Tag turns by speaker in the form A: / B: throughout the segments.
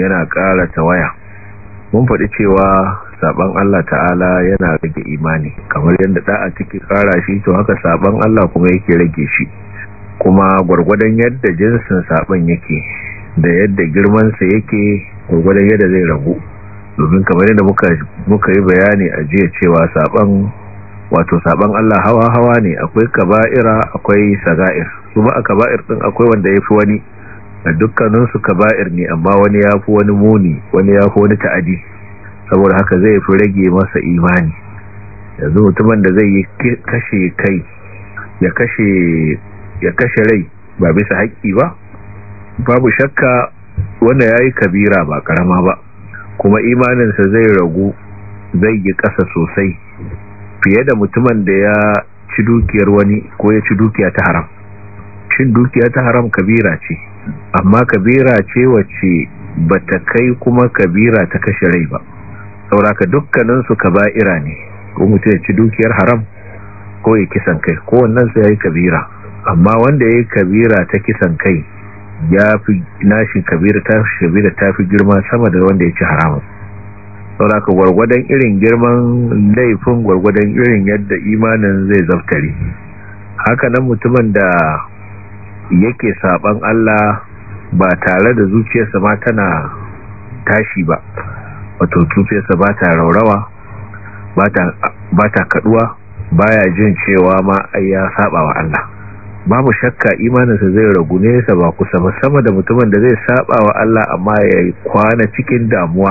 A: yana ƙara ta waya mun faɗi cewa saban Allah ta'ala yana rage imani kamar yadda a ciki ƙara shi to haka saban Allah kuma yake rage shi kuma gwargwadon yadda jinsin saban yake da yadda girmansa yake gwargwadon yadda zai ragu domin kamar yadda muka yi bayani a jiya cewa saban wato saban Allah hawa-hawa ne akwai kaba'ira akwai saga'ir kuma a kaba'ir din akwai wanda ya fi wani dukkaninsu kaba'ir ne amma wani ya fi wani muni wani ya fi wani ta'adi saboda haka zai fi rage masa imani yanzu mutumin da zai yi kashe kai ya kashe ya kashe rai ba bisa haƙƙi ba babu shakka wanda ya yi kabira ba ƙarama ba kuma imaninsa zai ragu zai yi ƙasa sosai fiye da mutumin da ya ci dukiyar wani ko ya ci dukiya ta haram shin dukiya ta haram kabira ce amma kabira ce wacce ba ta kai kuma kabira ta kashe rai ba sauraka dukkaninsu kaba'ira ne ko mutum ya ci dukiyar haram ko ya kisan kai ko wannan su ya yi kabira amma wanda ya yi kabira ta kisan kai ya fi nashi kabira ta kabira ta fi girma sama da wanda ya ci haramun sauraka gwargwadon irin girman laifin gwargwadon irin yadda imanin zai zaftare haka nan mutumin da yake saban Allah ba tare da zuciyarsa ma tana tashi ba wato zuciyarsa ba ta raurawa ba ta kaduwa ya jin cewa ma ya saba wa Allah babu shakka imaninsa zai ragu nesa ba kusa ba sama da mutumin da zai saba wa Allah amma ya kwana cikin damuwa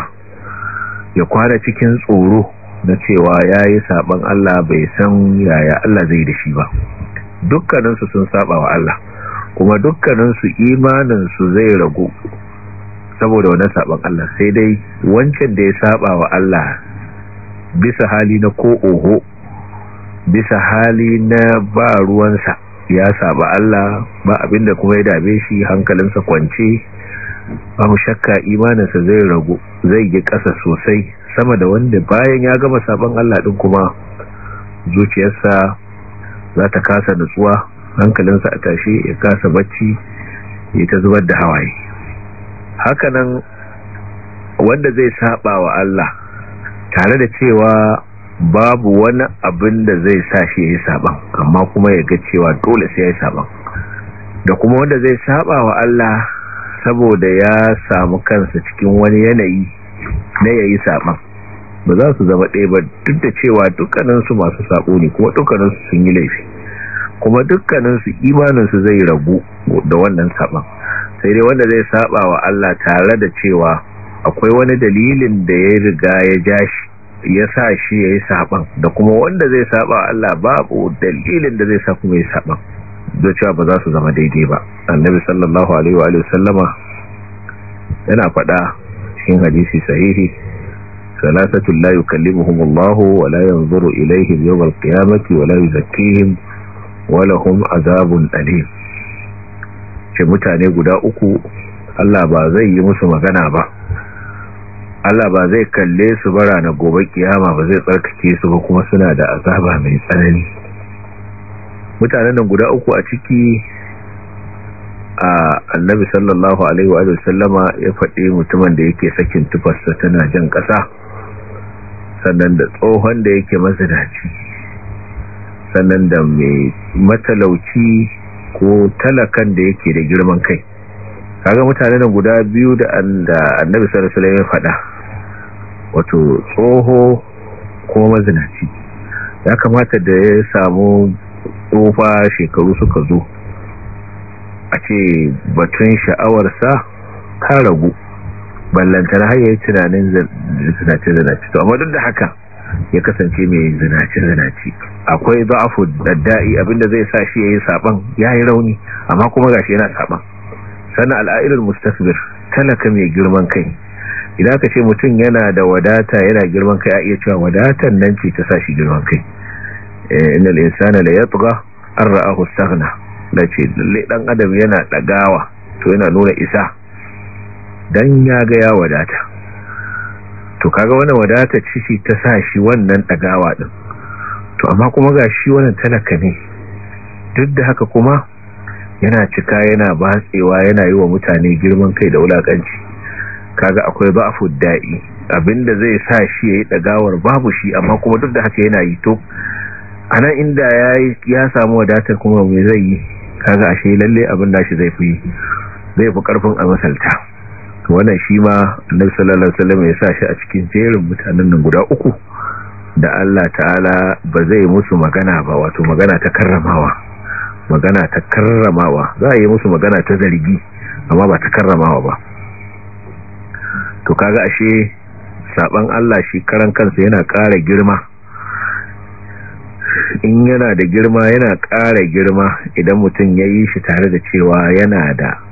A: ya kwana cikin tsoro na cewa ya yi saban Allah bai san yaya Allah zai da shi ba dukkaninsu sun saba wa Allah kuma dukkaninsu imaninsu zai ragu saboda wani sabon Allah sai dai wancan da ya saba wa Allah bisa hali na ko oho bisa hali na ba ruwansa ya saba Allah ba abinda kuma ya dabe shi hankalinsa kwance ba mu shakka imaninsa zai ragu zai yi ƙasa sosai sama da wanda bayan ya gama sabon Allah ɗin kuma zuciyarsa za ta kasa nutsuwa hankalinsa a tashi ya kasa bacci ya ta zubar da hawaye hakanan wanda zai saba wa Allah tare da cewa babu wani abin da zai sa shi ya saban amma kuma ya ga cewa dole sai ya saban da kuma wanda zai saba wa Allah saboda ya samu kansa cikin wani yanayi na yayi saban ba za su zama ɗaya ba duk da cewa dukkaninsu masu saƙo ne kuma dukkaninsu sun yi laifi kuma dukkaninsu imaninsu zai ragu da wannan saban sai dai wanda zai saba wa Allah tare da cewa akwai wani dalilin da ya riga ya ja shi ya sa shi ya yi saban da kuma wanda zai saba wa Allah babu dalilin da zai sa kuma ya saban da cewa ba za su zama daidai ba annabi sallallahu alaihi wa sallama yana faɗa cikin hadisi sahihi salatatul la yukallimuhumullahu wa la yanzuru ilaihim yawm alqiyamati wa la yuzakkihim walahum azabun alim ce mutane guda uku Allah ba zai yi musu magana ba Allah ba zai kalle su bara na gobe kiyama ba zai tsarkake su ba kuma suna da azaba mai tsanani mutanen nan guda uku a ciki a annabi sallallahu alaihi wa sallama ya faɗi mutumin da yake sakin tufarsa tana jan ƙasa sannan da tsohon da yake mazinaci sannan da mai matalauci ko talakan da yake da girman kai kaga mutane da guda biyu da annabi sallallahu alaihi ya faɗa wato tsoho ko mazinaci ya kamata da ya samu tsofa shekaru suka zo a ce batun sha'awarsa ta ragu ballantar har tunanin zinace-zinace to amma duk da haka ya kasance mai zinaci zinaci akwai za'afu daddai abinda zai sa shi yi saban yayi rauni amma kuma gashi yana saban sana al'ailul mustakbir talaka mai girman kai idan ka ce mutum yana da wadata yana girman kai a iya cewa wadatan nan ce ta sa shi girman kai eh, innal insana la yatgha an ra'ahu istaghna lace lalle dan adam yana dagawa to yana nuna isa dan ya ga ya wadata to kaga wannan wadata ci ta sa shi wannan dagawa din to amma kuma ga shi wannan talaka ne duk da haka kuma yana cika yana batsewa yana yi wa mutane girman kai da wulakanci kaga akwai ba'fu da'i abinda zai sa shi yayi dagawar babu shi amma kuma duk da haka yana yi to anan inda yayi ya samu wadatar kuma me zai yi kaga ashe lalle abin da shi zai fi zai fi karfin a masalta wannan shi ma annabi sallallahu alaihi wasallam ya sa shi a cikin jerin mutanen nan guda uku da Allah ta'ala ba zai musu magana ba wato magana ta karramawa magana ta karramawa za a yi musu magana ta zargi amma ba ta karramawa ba to kaga ashe saban Allah shi karan kansa yana ƙara girma in yana da girma yana ƙara girma idan mutum ya yi shi tare da cewa yana da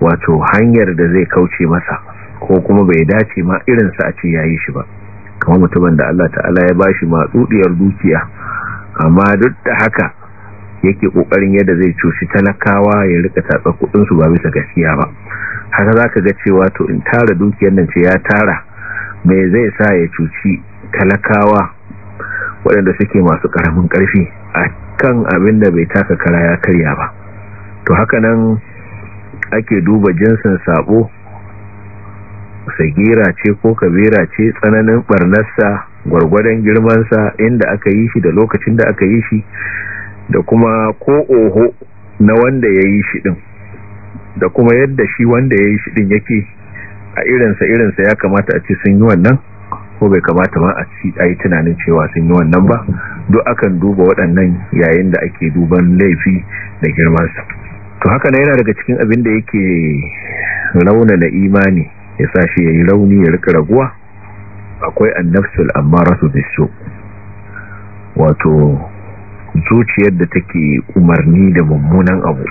A: wato hanyar da zai kauce masa ko kuma bai dace ma irinsa a ce ya yi shi ba kamar mutumin da Allah ta'ala ya bashi matsudiyar dukiya amma duk da haka yake kokarin yadda zai cuci talakawa ya rika tatsa kudin su ba bisa gaskiya ba haka zaka ga cewa to in tara dukiyar nan ce ya tara me zai sa ya cuci talakawa waɗanda suke masu karamin a kan abin da bai taka kara ya karya ba to haka nan ake duba jinsin sabo sagira ce ko kabira ce tsananin barnarsa gwargwadon girmansa inda aka yi shi da lokacin da aka yi shi da kuma ko oho na wanda ya yi shi din da kuma yadda shi wanda ya yi shi din yake a irinsa irinsa ya kamata a ci sun yi wannan ko bai kamata ma a yi tunanin cewa sun yi wannan ba duk akan duba waɗannan yayin da ake duban laifi da girmansa to haka na yana daga cikin abin da yake na imani ya sa shi ya yi rauni ya rika raguwa akwai annafsul amma rasu bisu wato zuciyar da take umarni da mummunan abu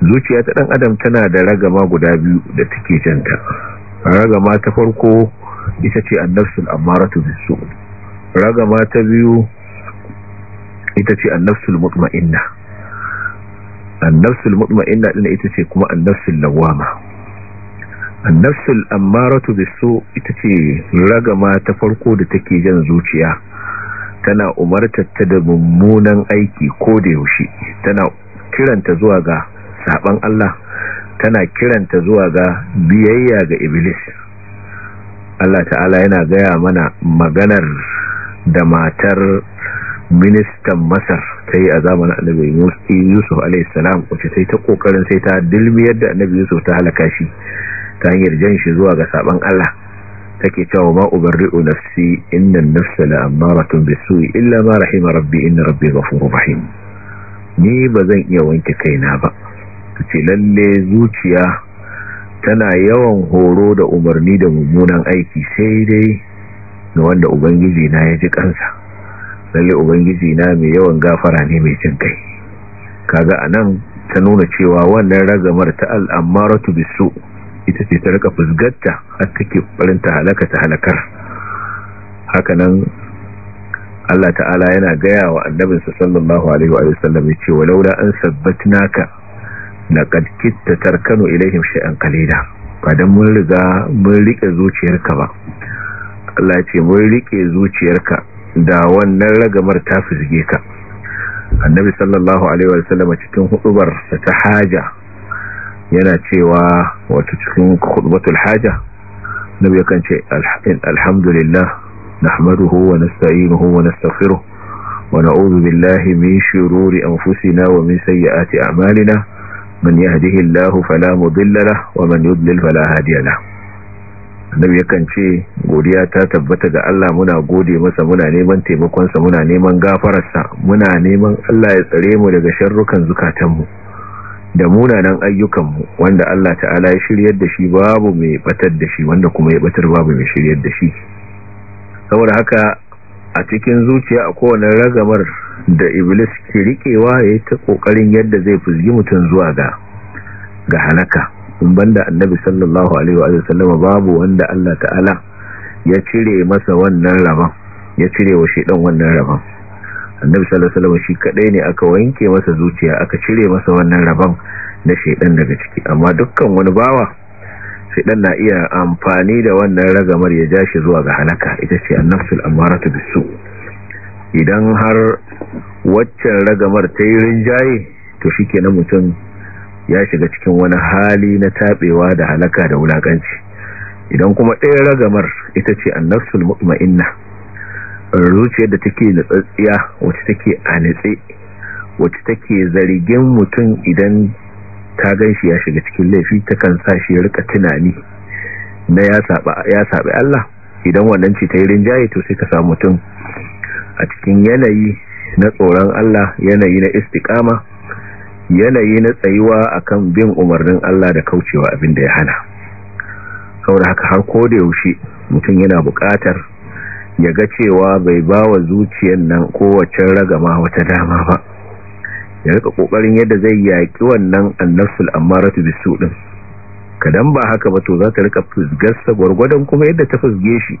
A: zuciya ta dan adam tana da ragama guda biyu da take janta ragama ta farko ita ce annafsul rasu bisu ragama ta biyu ita ce annafsul mutma'inna annafsul mutma'inna din ita ce kuma annafsul lawama annafsul amaratu bisu ita ce ragama ta farko da take jan zuciya tana umartar ta da mummunan aiki ko da yaushe tana kiranta zuwa ga saban Allah tana kiranta zuwa ga biyayya ga iblis Allah ta'ala yana gaya mana maganar da matar ministan masar ta yi a zamanin annabi yusuf a.s. wacce sai ta kokarin sai ta dilmiyar da annabi yusuf ta halaka shi ta hanyar jan shi zuwa ga saban allah take cewa ma ubarri'u nafsi innan nafsa la'amaratun bisu'i illa ma rahima rabbi inna rabbi ghafurur rahim ni ba zan iya wanke kaina ba tace lalle zuciya tana yawan horo da umarni da mummunan aiki sai dai ga wanda ubangiji na ya ji kansa lalle ubangiji na mai yawan gafara ne mai jin kai kaga anan ta nuna cewa wannan ragamar ta al'amaratu bisu ita ce ta rika fusgarta har take barin ta halaka ta halakar hakanan Allah ta'ala yana gaya wa annabinsa sallallahu alaihi wa sallam ya ce an sabbatnaka laqad kitta tarkanu ilaihim shay'an qalila ba dan mun riga mun rike zuciyarka ba Allah ya ce mun rike zuciyarka da wannan ragamar ta fizge ka annabi sallallahu alaihi wa sallam cikin hudubar ta haja yana cewa wato cikin hudubatul haja nabi yakan ce alhamdulillah nahmaduhu wa nasta'inuhu wa nastaghfiruh wa na'udhu billahi min shururi anfusina wa min sayyiati a'malina man yahdihillahu fala mudilla lahu wa man yudlil fala hadiya lahu annabi yakan ce godiya ta tabbata ga Allah muna gode masa muna neman taimakonsa muna neman gafararsa muna neman Allah ya tsare mu daga sharrukan zukatanmu da munanan ayyukanmu wanda Allah ta'ala ya shiryar da shi babu mai batar da shi wanda kuma ya batar babu mai shiryar da shi saboda haka a cikin zuciya a kowane ragamar da iblis ke riƙewa ya ta kokarin yadda zai fuzgi mutum zuwa ga ga halaka in banda annabi sallallahu alaihi wa sallama babu wanda Allah ta'ala ya cire masa wannan rabon ya cire wa shedan wannan rabon annabi sallallahu alaihi wa sallam shi kadai ne aka wanke masa zuciya aka cire masa wannan rabon na shedan daga ciki amma dukkan wani bawa shedan na iya amfani da wannan ragamar ya jashi zuwa ga halaka ita ce annafsul amaratu bisu idan har waccan ragamar ta yi rinjaye to shikenan mutum ya shiga cikin wani hali na taɓewa da halaka da wulakanci idan kuma ɗaya ragamar ita ce annafsul mutma'inna zuciyar da take natsatsiya wacce take a nitse wacce take zargin mutum idan ta ganshi ya shiga cikin laifi ta kan sa shi rika tunani na ya saba Allah idan wannan ce ta yi rinjaye to sai ka samu mutum a cikin yanayi na tsoron Allah yanayi na istiqama yanayi na tsayuwa kan bin umarnin Allah da kaucewa abin da ya hana saboda haka har ko da yaushe mutum yana buƙatar ya ga cewa bai ba wa zuciyar nan kowace ragama wata dama ba ya rika kokarin yadda zai yaƙi wannan annafsul amaratu bisu din kadan ba haka ba to za ta rika fusgarsa gwargwadon kuma yadda ta fusge shi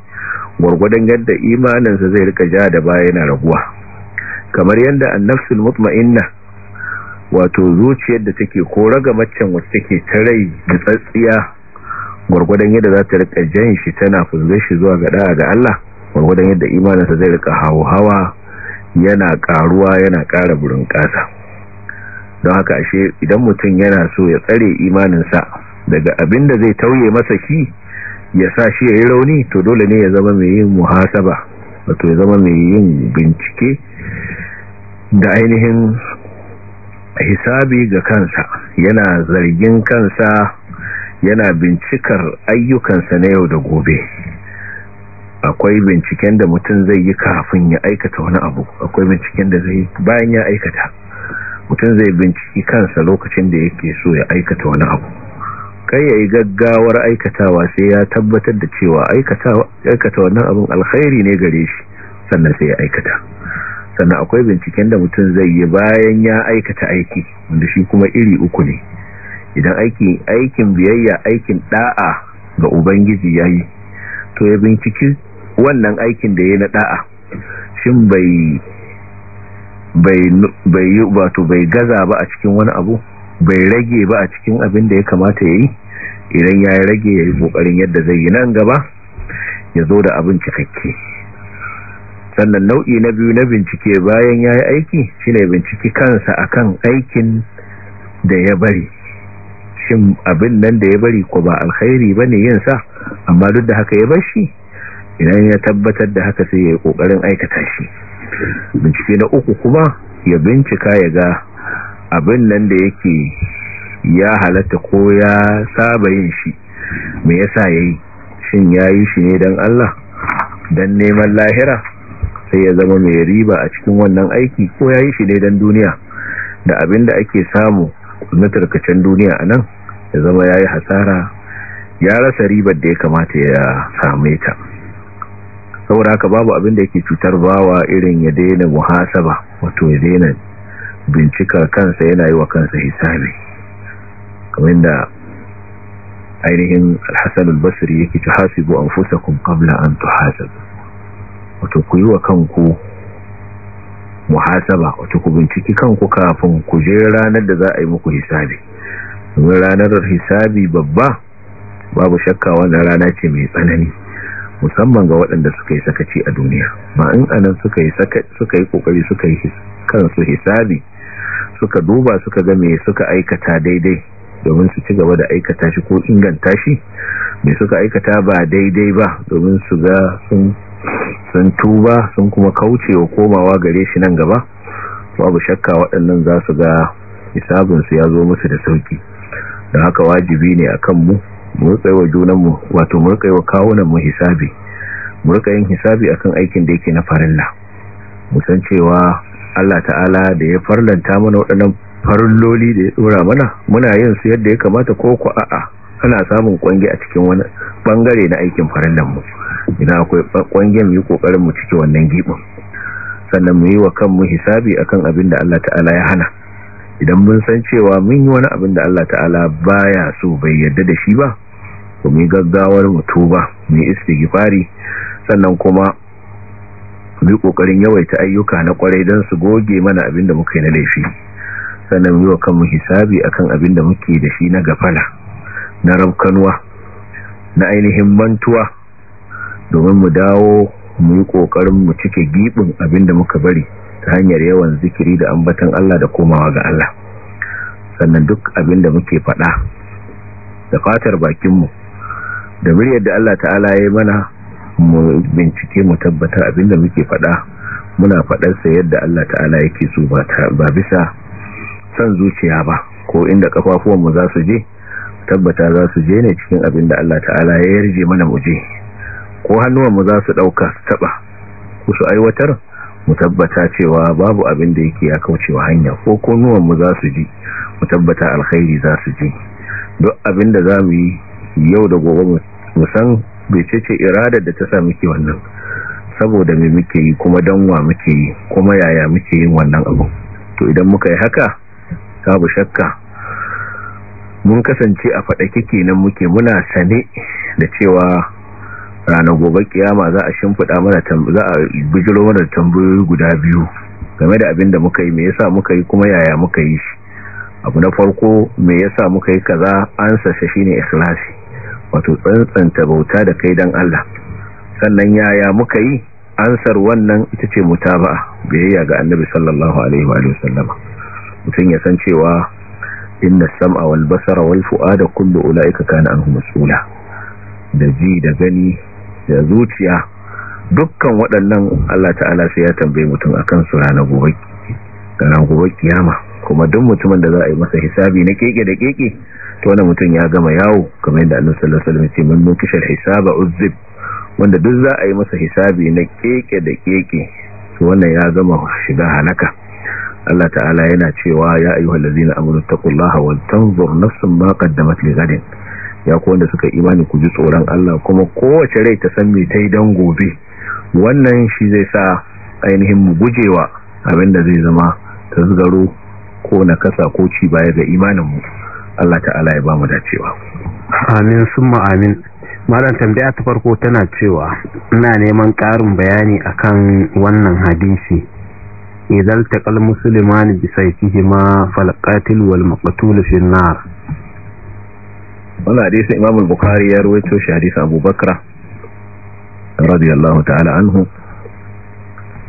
A: gwargwadon yadda imaninsa zai rika ja da baya yana raguwa kamar yadda annafsul mutma'inna wato zuciyar da take ko maccen wacce take tarai da tsatsiya gwargwadon yadda za ta rika jan shi tana fuzgar shi zuwa ga ga Allah gwargwadon yadda imaninsa zai rika hawa yana karuwa yana kara burin kasa don haka ashe idan mutum yana so ya tsare imaninsa daga abin da zai tauye masa shi ya sa shi ya yi rauni to dole ne ya zama mai yin muhasaba wato ya zama mai yin bincike da ainihin hisabi ga kansa yana zargin kansa yana bincikar ayyukansa na yau da gobe akwai binciken da mutum zai yi kafin ya aikata wani abu akwai binciken da zai bayan ya aikata mutum zai binciki kansa lokacin da yake so ya aikata wani abu kai ya yi gaggawar aikatawa sai ya tabbatar da cewa aikata wannan abin alkhairi ne gare shi sannan sai ya aikata sannan akwai binciken da mutum zai yi bayan ya aikata aiki wanda shi kuma iri uku ne idan aiki aikin biyayya aikin da'a ga ubangiji ya yi to ya binciki wannan aikin da ya na da'a shin bai yi wato bai gaza ba a cikin wani abu bai rage ba a cikin abin da ya kamata ya yi idan ya rage yayi ƙoƙarin yadda zai yi nan gaba ya zo da abin cikakke sannan nau'i na biyu na bincike bayan ya yi aiki shine bincike kansa a kan aikin da ya bari shin abin nan da ya bari ko ba alkhairi ba ne yin sa amma duk da haka ya bar shi idan ya tabbatar da haka sai ya yi ƙoƙarin aikata shi bincike na uku kuma ya bincika ya ga abin nan da yake ya halatta ko ya saba yin shi me yasa yi shin ya yi shi ne don Allah don neman lahira sai ya zama mai riba a cikin wannan aiki ko ya yi shi ne don duniya da abin da ake samu na tarkacen duniya a nan ya zama ya yi hasara ya rasa ribar da ya kamata ya same ta saboda haka babu abin da yake cutar bawa irin ya daina muhasaba wato ya daina bincika kansa yana yi wa kansa hisabi kamar da ainihin alhassan albasiri yake ci hasibu an fusa kun kabla an hasabu. wato ku yi wa kanku muhasaba wato ku binciki kanku kafin ku je ranar da za a yi muku hisabi domin ranar hisabi babba babu shakka wannan rana ce mai tsanani musamman ga waɗanda suka yi sakaci a duniya ba in anan suka yi suka yi kokari suka yi kansu hisabi suka duba suka ga me suka aikata daidai domin su ci gaba da aikata shi ko inganta shi me suka aikata ba daidai ba domin su ga sun sun tuba sun kuma kauce wa komawa gare shi nan gaba babu shakka waɗannan za su ga hisabinsu ya zo musu da sauki Da haka wajibi ne a kanmu murkaiwa junanmu wato murkaiwa kawunanmu hisabi murkayin hisabi akan aikin da yake na farilla musan cewa Allah ta'ala da ya farlanta mana waɗannan farilloli da ya tsora mana muna yin su yadda ya kamata ko ku a'a ana samun kwangi a cikin wani bangare na aikin farillanmu idan akwai kwangiyar yi kokarin mu cike wannan gibin sannan mu yi wa kanmu hisabi akan abin da Allah ta'ala ya hana idan mun san cewa mun yi wani abin da Allah ta'ala baya so bai yarda da shi ba to mu gaggawar mu ba. mu yi istighfari sannan kuma mu yi kokarin yawaita ayyuka na kwarai don su goge mana abin da muka yi na laifi sannan yi wa kanmu hisabi akan abin da muke da shi na gafala na rabkanwa na ainihin mantuwa domin mu dawo mu yi ƙoƙarin mu cike giɓin abin da muka bari ta hanyar yawan zikiri da ambatan Allah da komawa ga Allah sannan duk abin da muke faɗa da fatar bakinmu da muryar da Allah ta'ala ya mana mu bincike mu tabbata abin da muke faɗa muna faɗarsa yadda Allah ta'ala yake so ba bisa son zuciya ba ko inda kafafuwanmu za su je tabbata za su je ne cikin abin da Allah ta'ala ya yarje mana mu je ko mu za su ɗauka su taɓa ku su aiwatar mu tabbata cewa babu abin da yake ya kaucewa hanya ko mu za su ji mu tabbata alkhairi za su ji duk abin da za mu yi yau da gobe mu san becece irada da ta sa muke wannan saboda me muke yi kuma danwa muke yi kuma yaya muke yin wannan abu to idan muka yi haka babu shakka mun kasance a faɗa kike nan muke muna sane da cewa rana gobe kiyama za a shimfiɗa mana za a bijiro mana tambayoyi guda biyu game da abin da muka yi me yasa muka yi kuma yaya muka yi shi abu na farko me yasa muka yi kaza an sashe shine ikhlasi wato tsantsanta bauta da kai dan Allah sannan yaya muka yi ansar wannan ita ce mutaba'a biyayya ga annabi sallallahu alaihi wa sallama mutum ya san cewa inna sam'a wal basara wal fu'ada kullu ulaika kana anhu mas'ula da ji da gani da zuciya dukkan waɗannan Allah ta'ala sai ya tambaye mutum akan su ranar gobe ranar gobe kiyama kuma duk mutumin da za a yi masa hisabi na keke da keke to wannan mutum ya gama yawo kamar yadda Annabi sallallahu alaihi wasallam ya ce man nukisha hisaba uzib wanda duk za a yi masa hisabi na keke da keke to wannan ya gama shiga halaka Allah ta'ala yana cewa ya ayyuhallazina amanu taqullaha wa tanzur nafsun ma qaddamat li ya ku wanda suka imani ku ji tsoron Allah kuma kowace rai ta san mai ta yi don gobe wannan shi zai sa ainihin mu gujewa abin da zai zama ta zugaro ko na kasa ko ci baya ga imaninmu Allah ta'ala ya ba mu dacewa
B: amin summa amin malam tambaya ta farko tana cewa ina neman ƙarin bayani akan wannan hadisi idan taqal muslimani bi ma falqatil wal maqtul fi nar
A: wannan hadisin imam al-bukhari ya rawaito shi hadisin abubakar radiyallahu ta'ala anhu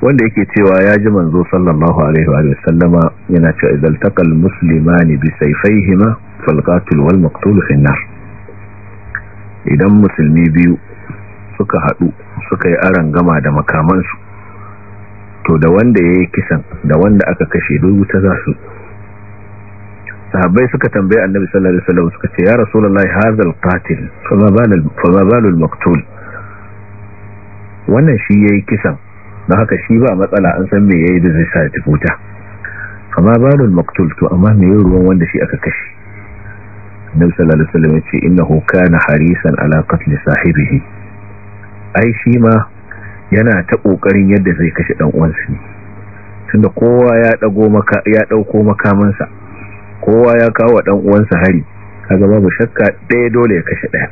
A: wanda yake cewa ya ji manzo sallallahu alaihi wa sallama yana cewa idan takal muslimani bi sayfayhima falqatul wal maqtul fi nar idan musulmi biyu suka hadu suka yi aron gama da makamansu to da wanda yayi kisan da wanda aka kashe duk ta za su sahabbai suka tambaye annabi sallallahu alaihi wasallam suka ce ya rasulullahi hazal qatil fa ma balul maqtul wannan shi yayi kisan don haka shi ba matsala an san me yayi da zai sa ya tafuta fa ma balul maqtul to amma me yayi ruwan wanda shi aka kashe annabi sallallahu alaihi wasallam ya ce innahu kana harisan ala sahibi sahibihi ai shi ma yana ta kokarin yadda zai kashe dan uwansa ne tunda kowa ya dago maka ya dauko makamansa kowa ya kawo dan uwansa hari kaga babu shakka ɗaya dole ya kashe ɗaya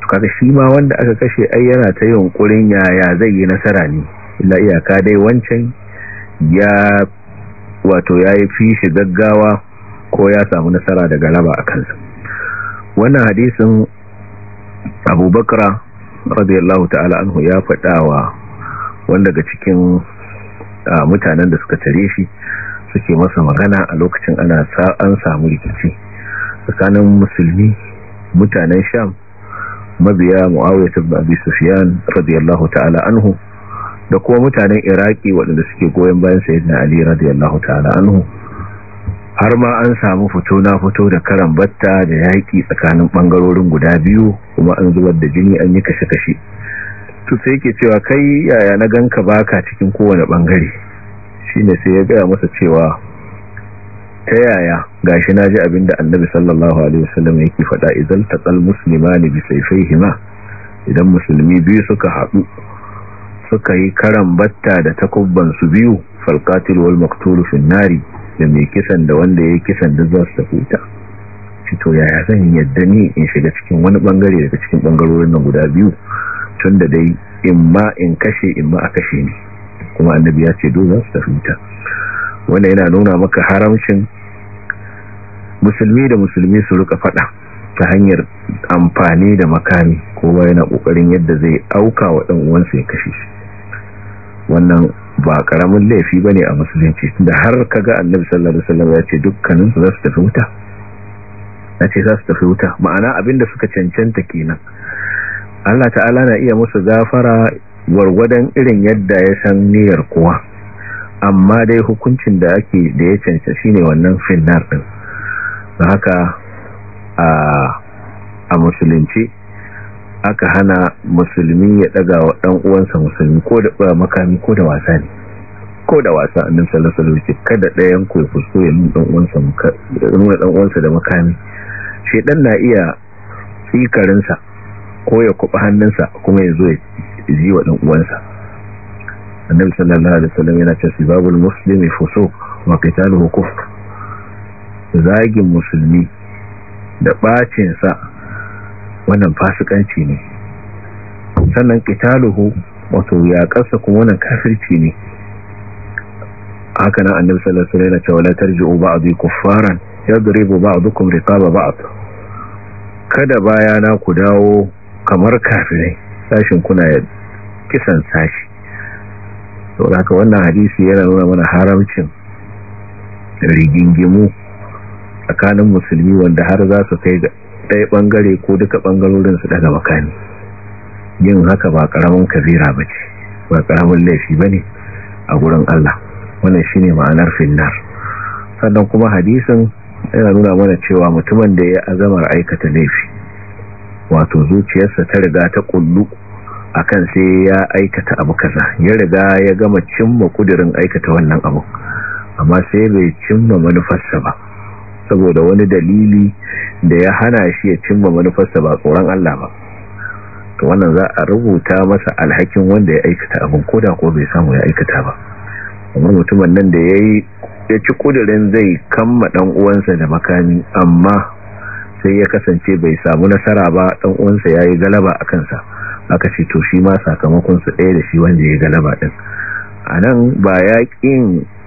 A: to kaga shi ma wanda aka kashe ai yana ta yunkurin yaya zai yi nasara ne illa iyaka dai wancan ya wato ya yi fishi gaggawa ko ya samu nasara da galaba a kansa wannan hadisin Abu bakra radiyallahu ta'ala anhu ya faɗawa wanda daga cikin ah, mutanen da suka tare shi suke masa magana a lokacin ana sa an samu rikici tsakanin musulmi mutanen sham mabiya mu'awiyat ibn abi sufyan radiyallahu ta'ala anhu da kuma mutanen iraki waɗanda suke goyon bayan sayyidina ali radiyallahu ta'ala anhu har ma an samu fito na fito da karan batta da yaƙi tsakanin ɓangarorin guda biyu kuma an zubar da jini an yi kashe-kashe to sai yake cewa kai yaya na ganka baka cikin kowane ɓangare shine sai ya gaya masa cewa ta yaya gashi na ji abinda annabi sallallahu alaihi wasallam yake faɗa idan taqal muslimani bi hima, idan musulmi biyu suka haɗu suka yi karan batta da takubban su biyu falqatil wal maqtul nari da mai kisan da wanda ya kisan da za su tafi ta shi to yaya zan yadda ni in shiga cikin wani bangare daga cikin bangarorin nan guda biyu tunda dai in ma in kashe in ma a kashe ni kuma annabi ya ce dole su tafi wuta Wannan yana nuna maka haramcin musulmi da musulmi su rika fada ta hanyar amfani da makami kowa yana kokarin yadda zai auka wa dan uwansa ya kashe shi wannan ba karamin laifi bane a musulunci da har kaga annabi sallallahu alaihi wasallam ya ce dukkanin su za su tafi wuta ya ce za su tafi wuta ma'ana abinda suka cancanta kenan Allah ta'ala na iya musu gafara gwargwadon irin yadda ya san niyyar kuwa amma dai hukuncin da ake da ya canca shine wannan finnar din da haka a musulunci aka hana musulmi ya daga wa dan uwansa musulmi ko da makami ko da wasa ne ko da wasa annin kada ɗayan ku ya ya nuna ɗan uwansa da makami shedan na iya tsikarinsa ko ya kuɓa hannunsa kuma ya zo ya ji wa dan uwansa annabi sallallahu alaihi wasallam yana cewa sibabul muslimi fusuq wa qitaluhu kufr zagin musulmi da bacin sa wannan fasikanci ne sannan qitaluhu wato ya kasa kuma wannan kafirci ne haka nan annabi sallallahu alaihi wasallam yana cewa la tarji'u ba'dhi kuffaran yadribu ba'dukum riqaba ba'd kada bayana ku dawo kamar kafirai sashin kuna yadda. kisan sashi haka wannan hadisi yana nuna mana haramcin rigingimu tsakanin musulmi wanda har za su kai ga ɗaya ɓangare ko duka ɓangarorin su daga makani yin haka ba ƙaramin kabira ba ce ba ƙaramin laifi ba ne a gurin Allah wannan shi ne ma'anar finnar sannan kuma hadisin yana nuna mana cewa mutumin da ya azamar aikata laifi wato zuciyarsa ta riga ta kullu akan sai ya aikata abu kaza ya riga ya gama cimma kudirin aikata wannan abu amma sai bai cimma manufarsa ba saboda wani dalili da ya hana shi ya cimma manufarsa ba tsoron Allah ba to wannan za a rubuta masa alhakin wanda ya aikata ko koda ko bai samu ya aikata ba kamar mutumin nan da yayi ya ci kudirin zai kamma dan uwansa da makami amma sai ya kasance bai samu nasara ba dan uwansa yayi galaba a kansa aka ce to shi ma sakamakon ɗaya da shi wanda ya galaba ɗin a nan ba ya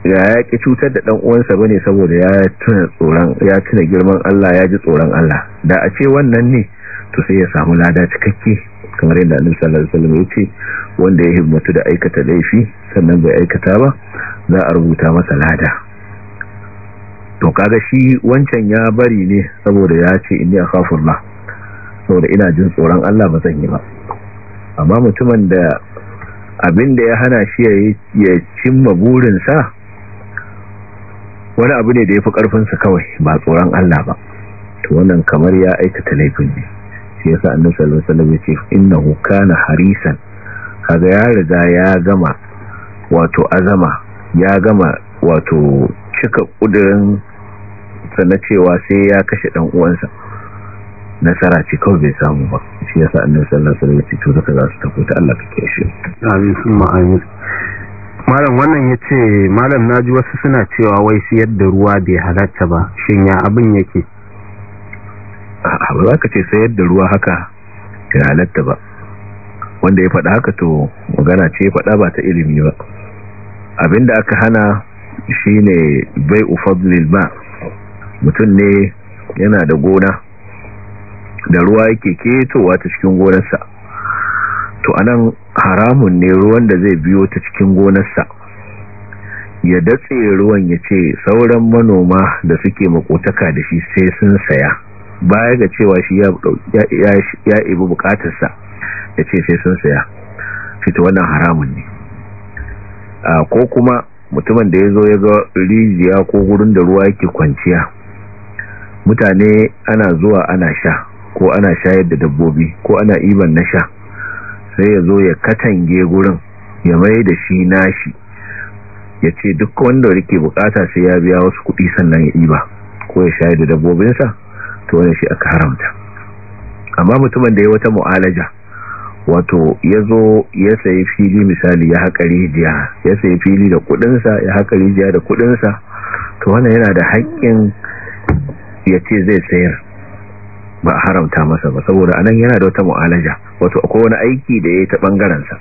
A: ya yaƙi cutar da ɗan'uwansa ba ne saboda ya tuna girman Allah ya ji tsoron Allah da a ce wannan ne to sai ya samu lada cikakke kamar yadda annabi sallallahu alaihi wanda ya himmatu da aikata laifi sannan bai aikata ba za a rubuta masa lada to kaga shi wancan ya bari ne saboda ya ce inni akhafullah saboda ina jin tsoron Allah ba zan yi ba amma mutumin da abin da ya hana shi ya cimma burinsa wani abu ne da ya fi ƙarfinsa kawai ba tsoron Allah ba to wannan kamar ya aikata laifin ne shi ya yasa annabi sallallahu alaihi ce ina innahu na harisan kaga ya riga ya gama wato azama ya gama wato cika kudirin na cewa sai ya kashe ɗan uwansa nasara ce kawai bai samu ba shi yasa annabi sallallahu alaihi wasallam ya ce zaka za su tafi ta Allah kake shi
B: amin summa amin malam wannan yace malam na ji wasu suna cewa wai su yadda ruwa bai halatta ba shin ya abin yake
A: ba za ka ce sayar da ruwa haka ya halatta ba wanda ya faɗa haka to magana ce faɗa ba ta ilimi ba da aka hana shine bai ufadlil ba mutum ne yana da gona da ruwa yake ketowa ta cikin gonarsa to anan haramun ne ruwan da zai biyo ta cikin gonarsa ya datse ruwan ya ce sauran manoma da suke makotaka da shi sai sun saya baya ga cewa shi ya ibi bukatarsa ya ce sai sun saya fita wannan haramun ne ko kuma mutumin da ya zo ya ga rijiya ko gurin da ruwa yake kwanciya mutane ana zuwa ana sha ko ana shayar da dabbobi ko ana iban na sha sai ya zo ya katange gurin ya mai da shi nashi ya ce duk wanda rike bukata sai ya biya wasu kuɗi sannan ya iba ko ya shayar da dabbobinsa to wani shi aka haramta amma mutumin da ya wata mu'alaja wato ya zo ya sayi fili misali ya haƙa rijiya ya sayi fili da kuɗinsa ya haƙa rijiya da kuɗinsa to wannan yana da haƙƙin ya ce zai sayar ba a haramta masa ba saboda anan yana da wata mu'alaja wato akwai wani aiki da yayi ta bangaren sa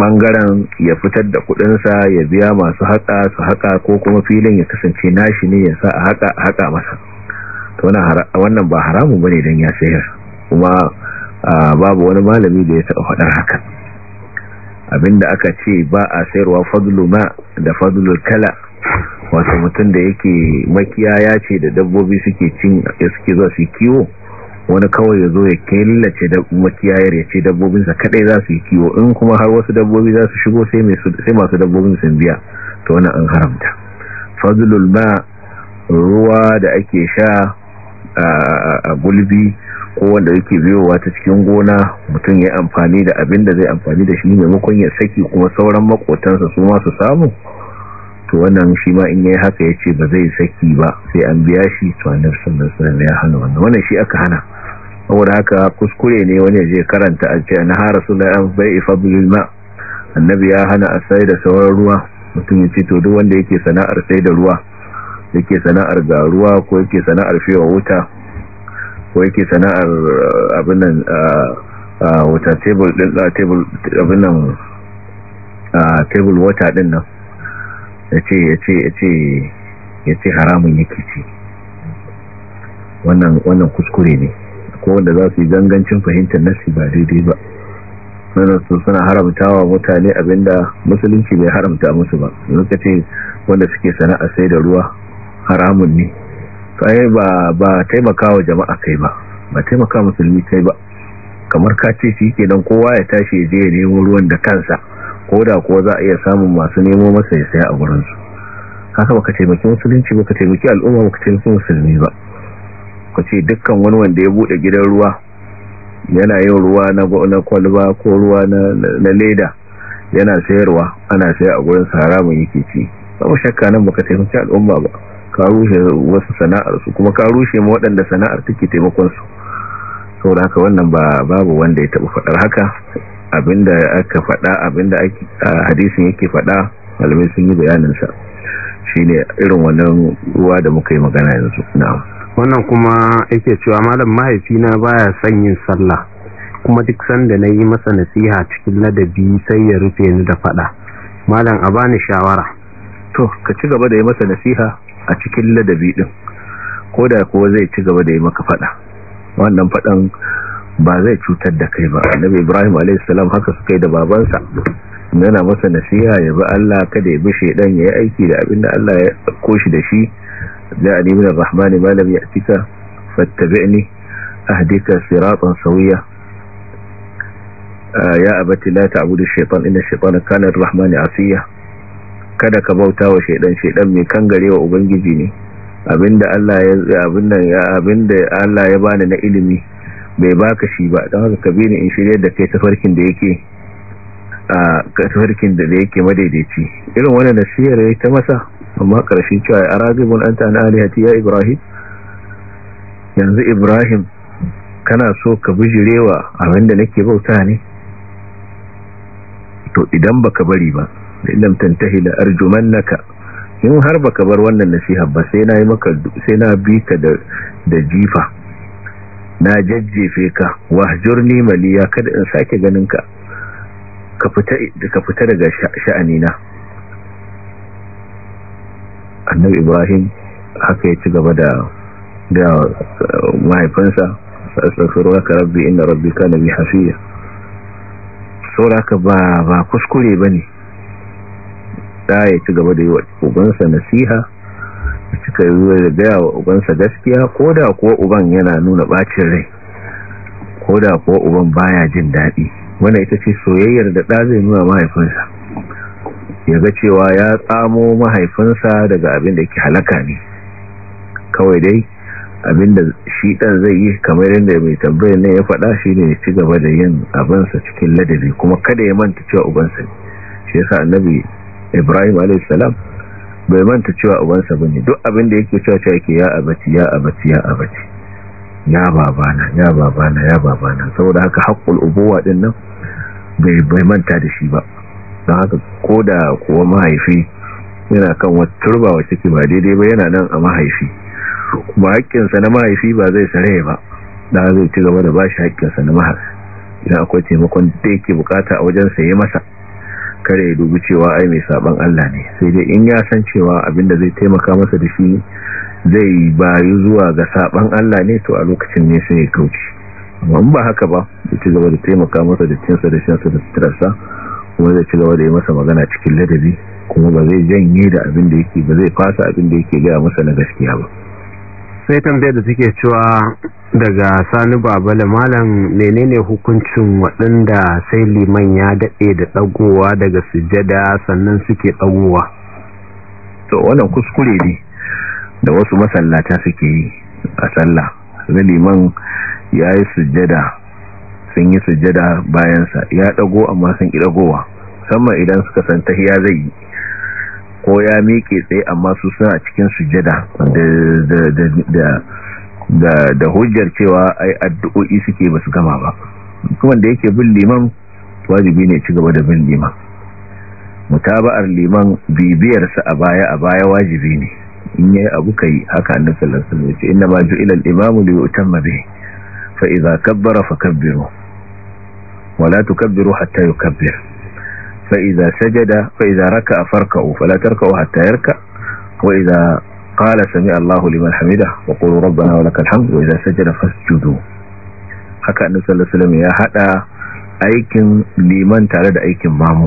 A: bangaren ya fitar da sa ya biya masu haka su haka ko kuma filin ya kasance nashi ne ya sa a haka a haka masa to wannan ba haramun bane dan ya sayar kuma babu wani malami da ya taɓa faɗar haka abinda aka ce ba a sayarwa fadlu ma da fadlul kala wato mutum da yake makiyaya ce da dabbobi suke cin suke zuwa su kiwo wani kawai ya zo ya killace da makiyayar ya ce dabbobinsa kadai za su yi kiwo in kuma har wasu dabbobi za su shigo sai masu dabbobin sun biya ta wani an haramta fazlul ma ruwa da ake sha a gulbi ko wanda yake biyowa ta cikin gona mutum ya amfani da abin da zai amfani da shi maimakon ya saki kuma sauran makotansa su masu samu to wannan shi ma in yayi haka yace ba zai saki ba sai an biya shi to annabi sallallahu alaihi wasallam ya hana wannan wannan shi aka hana saboda haka kuskure ne wani je karanta a ce na har rasulullahi an bai fadlul ma annabi ya hana a sai da sauran ruwa mutum yace to duk wanda yake sana'ar sai da ruwa yake sana'ar ruwa ko yake sana'ar fewa wuta ko yake sana'ar uh, abin nan uh, uh, wuta table din table abin nan table water din nan ya ce haramun yake ci wannan kuskure ne ko wanda za su yi gangancin fahimtar nasi ba daidai ba sannan su suna haramta wa mutane abinda musulunci bai haramta musu ba lokacin wanda suke sana'a sai da ruwa haramun ne kai ba ba taimakawa jama'a kai ba ba taimaka musulmi kai ba kamar ka ce shi kenan kowa ya tashi ya je ya nemo ruwan da kansa ko da kuwa za a iya samun masu nemo masa ya saya a gurinsu haka baka taimaki musulunci baka taimaki al'umma baka taimaki musulmi ba ka ce dukkan wani wanda ya bude gidan ruwa yana yin ruwa na kwalba ko ruwa na leda yana sayarwa ana saya a gurin haramun yake ci babu shakka nan baka taimaki al'umma ba ka rushe wasu sana'ar kuma ka rushe ma waɗanda sana'ar take taimakon su saboda haka wannan ba babu wanda ya taɓa faɗar haka abinda aka faɗa abinda hadisin yake faɗa malamai sun yi sa shi ne irin wannan ruwa da muka yi magana yanzu
B: wannan kuma yake cewa malam mahaifina baya son yin sallah kuma duk sanda na yi masa nasiha cikin ladabi sai ya rufe ni da faɗa malam a bani shawara to ka ci gaba da yi masa nasiha a cikin ladabi din ko da
A: kuwa zai ci gaba da yi maka fada wannan fadan. ba zai cutar da kai ba annabi ibrahim salam haka suka yi da babansa yana masa nasiha ya bi allah kada ya bi shaiɗan. ya yi aiki da abin allah ya koshi da shi za a nemi da rahmani lam yatika fattabi'ni ahdika siratan sawiya ah, ya abati la ta'budu shaytan inna shaytana kana Rahman asiya kada ka bauta wa shaiɗan shaidan mai kan garewa ubangiji ne abinda Allah ya abinda Allah ya bani na ilimi bai baka shi ba don haka ka bini in shirya da kai tafarkin da yake a tafarkin da yake madaidaici irin wani nasiyar ya ta masa amma karshe cewa a ragibin an ta na alihati ya ibrahim yanzu ibrahim kana so ka abin da nake bauta ne to idan baka bari ba idan tantahi arjuman naka in har baka bar wannan nasiha ba sai na sai na bi ka da jifa na jajjefe ka wahjurni maliya kada in sake ganin ka ka fita daga sha'anina annabi ibrahim haka ya ci gaba da da uh, mahaifinsa ka rabbi inna rabbi ka nabi hafiya sauraka ba ba kuskure bane da ya ci gaba da yi wa ubansa nasiha suka yi da gaya wa ubansa gaskiya ko da kuwa uban yana nuna bacin rai ko da kuwa uban baya jin daɗi wanda ita ce soyayyar da ɗa zai nuna mahaifinsa ya ga cewa ya tsamo mahaifinsa daga abin da ke halaka ne kawai dai abin da shi ɗan zai yi kamar yadda mai tambayar ne ya faɗa shi ne ci gaba da yin abinsa cikin ladabi kuma kada ya manta cewa ubansa ne shi yasa annabi ibrahim a.s. bai manta cewa ubansa bane duk abin da yake cewa cewa yake ya abati ya abati ya abati ya babana ya babana ya babana saboda haka haƙƙul ubuwa din nan bai manta da shi ba don haka ko da kuwa mahaifi yana kan wata turba wacce ke ba daidai ba yana nan a mahaifi kuma haƙƙinsa na mahaifi ba zai sare ba da zai ci gaba da bashi sa na mahaifi idan akwai taimakon da yake bukata a wajen ya masa kada ya dubi cewa ai mai saban Allah ne sai dai in ya san cewa abin da zai taimaka masa da shi zai bayu zuwa ga saban Allah ne to a lokacin ne sai ya kauce amma ba haka ba ya ci gaba da taimaka masa da cinsa da shansa da suturarsa kuma zai ci da yi masa magana cikin ladabi kuma ba zai janye da abin da yake ba zai fasa abin da yake gaya masa na gaskiya ba
B: sai tambayar da take cewa daga sani babala malam menene hukuncin waɗanda sai liman ya daɗe da ɗagowa daga sujada sannan suke ɗagowa to wannan kuskure ne da wasu masallata suke yi
A: a sallah zai liman ya yi sujada sun yi sujada bayansa ya ɗago amma sun ƙi ɗagowa musamman idan suka san tahiya zai yi ko ya miƙe tsaye amma su suna cikin sujada da da da hujjar cewa ai addu'o'i suke basu gama ba kuma da yake bin liman wajibi ne ci gaba da bin liman mutaba'ar liman bibiyarsa a baya a baya wajibi ne in yayi abu kai haka annabi sallallahu alaihi wasallam ya ce inna ma ju'ila al imam li yutamma bihi fa idza kabbara fakabbiru wa la tukabbiru hatta yukabbir fa idza sajada fa idza raka'a farka'u la tarka'u hatta yarka wa idza qala sami Allahu liman hamida wa qulu rabbana wa lakal hamdu wa fasjudu haka annabi sallallahu alaihi wasallam ya hada aikin liman tare da aikin mamu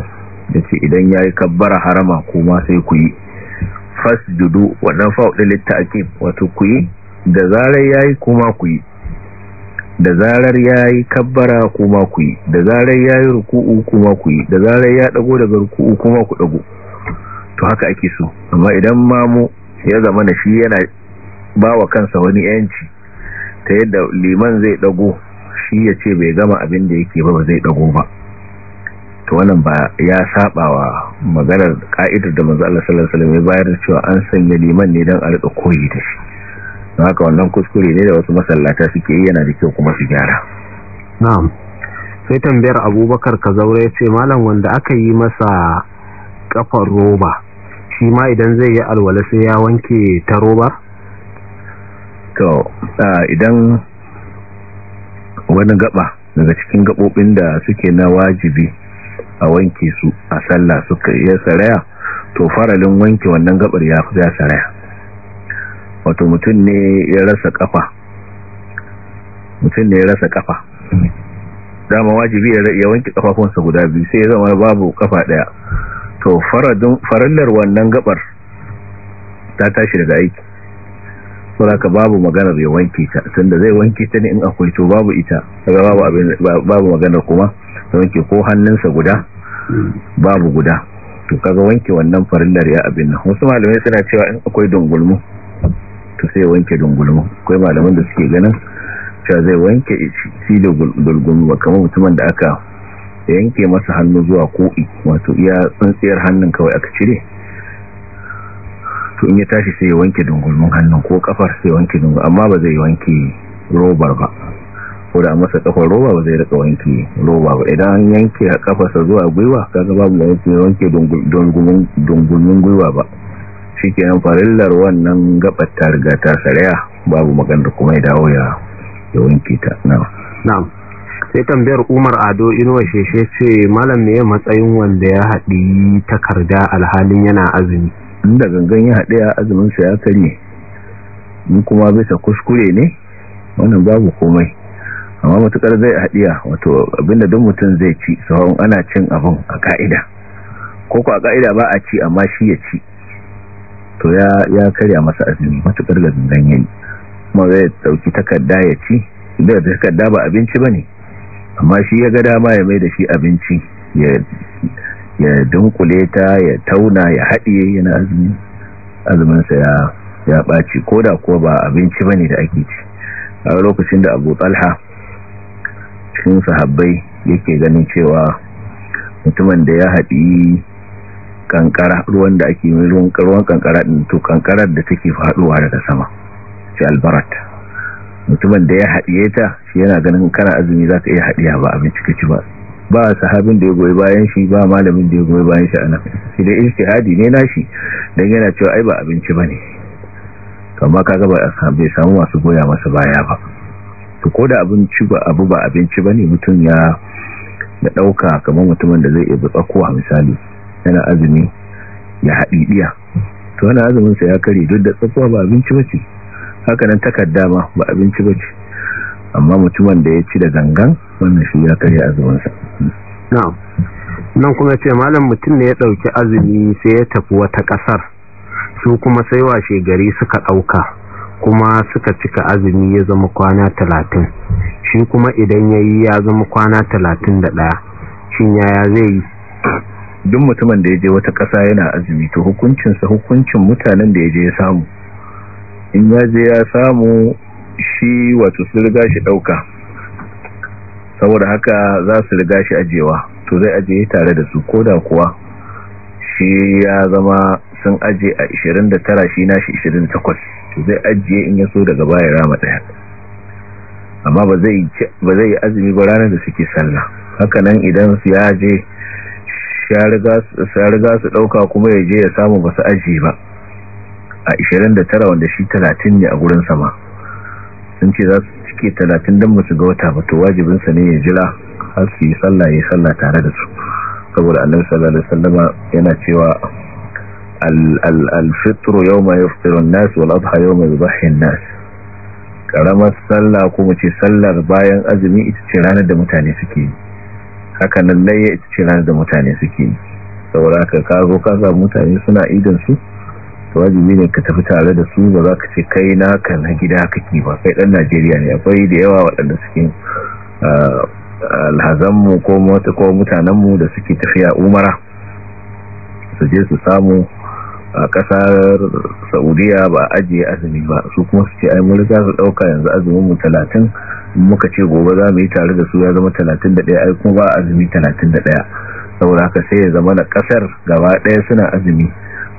A: yace idan yayi kabbara harama kuma sai ku yi fasjudu wannan fa'u din litta'kid wato ku yi da zarar yayi kuma ku yi da zarar yayi kabbara kuma ku yi da zarar yayi ruku'u kuma ku yi da zarar ya dago daga ruku'u kuma ku dago to haka ake so amma idan mamu ya zama na shi yana ba wa kansa wani yanci ta yadda liman zai dago shi ya ce bai gama abin da yake ba zai dago ba ta wannan ba ya saba wa maganar ka'idar da manzo Allah sallallahu alaihi wasallam bayar da cewa an sanya liman ne don a rika koyi da shi na haka wannan kuskure ne da wasu masallata suke yi yana da kyau kuma su gyara
B: na'am sai tambayar abubakar kazaure ya ce malam wanda aka yi masa kafar roba shi ma idan zai yi alwala sai ya wanke taro ba to
A: idan wani gaba daga cikin gabobin da suke na wajibi a wanke su a sallah suka iya saraya to faralin wanke wannan gabar ya fi saraya wato mutum ne ya rasa kafa mutum ne ya rasa kafa dama wajibi ya wanke kafafunsa guda biyu sai ya zama babu kafa daya to farallar wannan gabar ta tashi daga aiki ka babu maganar ya wanke ta tunda zai wanke ta ne in akwai to babu ita daga babu abin babu maganar kuma ta wanke ko hannunsa guda babu guda to kaga wanke wannan farallar ya abin nan wasu malamai suna cewa in akwai dungulmu to sai wanke dungulmu akwai malaman da suke ganin cewa zai wanke shi dungulmu kamar mutumin da aka ya yanke masa hannu zuwa ko'i wato iya tsintsiyar hannun kawai aka cire to in ya tashi sai ya wanke dungulmin hannun ko kafar sai ya wanke dungulmin amma ba zai wanke robar ba ko da masa kafar roba ba zai rika wanke roba ba idan yanke kafarsa zuwa gwiwa kaga babu da wanke dungulmin gwiwa ba Shi shikenan farillar wannan gabar ta riga ta saraya babu magana
B: kuma ya dawo ya wanke ta na'am sai tambayar umar ado inuwa sheshe ce malam ne matsayin wanda ya haɗi takarda alhalin yana azumi inda gangan ya haɗe a azuminsa ya karye in kuma bisa kuskure
A: ne wannan babu komai amma matukar zai haɗiya wato abinda duk mutum zai ci sawon ana cin abin a ka'ida ko ko a ka'ida ba a ci amma shi ya ci to ya karya masa azumi matukar gangan yi. kuma zai dauki takarda ya ci da takarda ba abinci ba ne. amma shi ya ga dama ya mai da shi abinci ya dunkule ta ya tauna ya haɗiye yana azuminsa ya ya ɓaci ko da kuwa ba abinci ba ne da ake ci a lokacin da abu talha cikin sahabbai yake ganin cewa mutumin da ya haɗi kankara ruwan da ake ruwan kankara ɗin to kankarar da take faɗuwa daga sama ce albarat mutumin da ya haɗiye ta shi yana ganin kana azumi za ka iya haɗiya ba a ka ci ba ba a sahabin da ya goyi bayan shi ba malamin da ya goyi bayan shi anan shi da hadi ne nashi don yana cewa ai ba abinci bane amma kaga a bai samu masu goya masa baya ba to ko da abinci ba abu ba abinci bane mutum ya da ɗauka kamar mutumin da zai iya tsakuwa misali yana azumi ya haɗiɗiya to wani azumin ya kare duk da tsakuwa ba abinci ba ce. haka nan takarda ma ba abinci ba ce amma mutumin da ya ci da gangan wannan shi ya karya azuminsa
B: nan kuma ce malam mutum ne ya ɗauki azumi sai ya tafi wata ƙasar su kuma sai washe gari suka ɗauka kuma suka cika azumi ya zama kwana talatin shi kuma idan ya yi ya zama kwana talatin da ɗaya shin yaya zai yi duk mutumin da ya je wata ƙasa yana azumi to
A: hukuncinsa hukuncin mutanen da ya je ya samu in ya je ya samu shi wato su riga shi ɗauka saboda haka za su riga shi ajewa to zai ajiye tare da su ko da kuwa shi ya zama sun aje a 29 shi na shi 28 to zai ajiye in ya so daga baya rama ɗaya amma ba zai yi azumi ba ranar da suke sallah hakanan idan su ya je ya riga su ɗauka kuma ya je ya samu ba su ajiye ba a 29 wanda shi 30 ne a gurin sama sun ce za su cike 30 don musu ga wata ba wajibinsa ne ya jira har su yi sallah ya yi sallah tare da su saboda annabi sallallahu alaihi sallama yana cewa al-fitr yawma yufṭiru an-nas wal adha yawma yudhhi an-nas karamar sallah ko mu ce sallar bayan azumi ita ce ranar da mutane suke yi haka nan laye ita ce ranar da mutane suke yi saboda ka kazo ka mutane suna idan su wajibi ne ka tafi tare da su ba za ka ce kai na naka na gida kake ba kai dan Najeriya ne akwai da yawa waɗanda suke ah, ah, alhazanmu ko mota ko mutanenmu da suke tafiya umara su je su samu a kasar saudiya ba ajiye azumi ba su kuma su ce ai mun riga su dauka yanzu azumin mu talatin muka ce gobe za mu yi tare da su ya zama talatin da daya ai kuma ba azumi talatin da ɗaya saboda haka sai ya zama na kasar gaba ɗaya suna azumi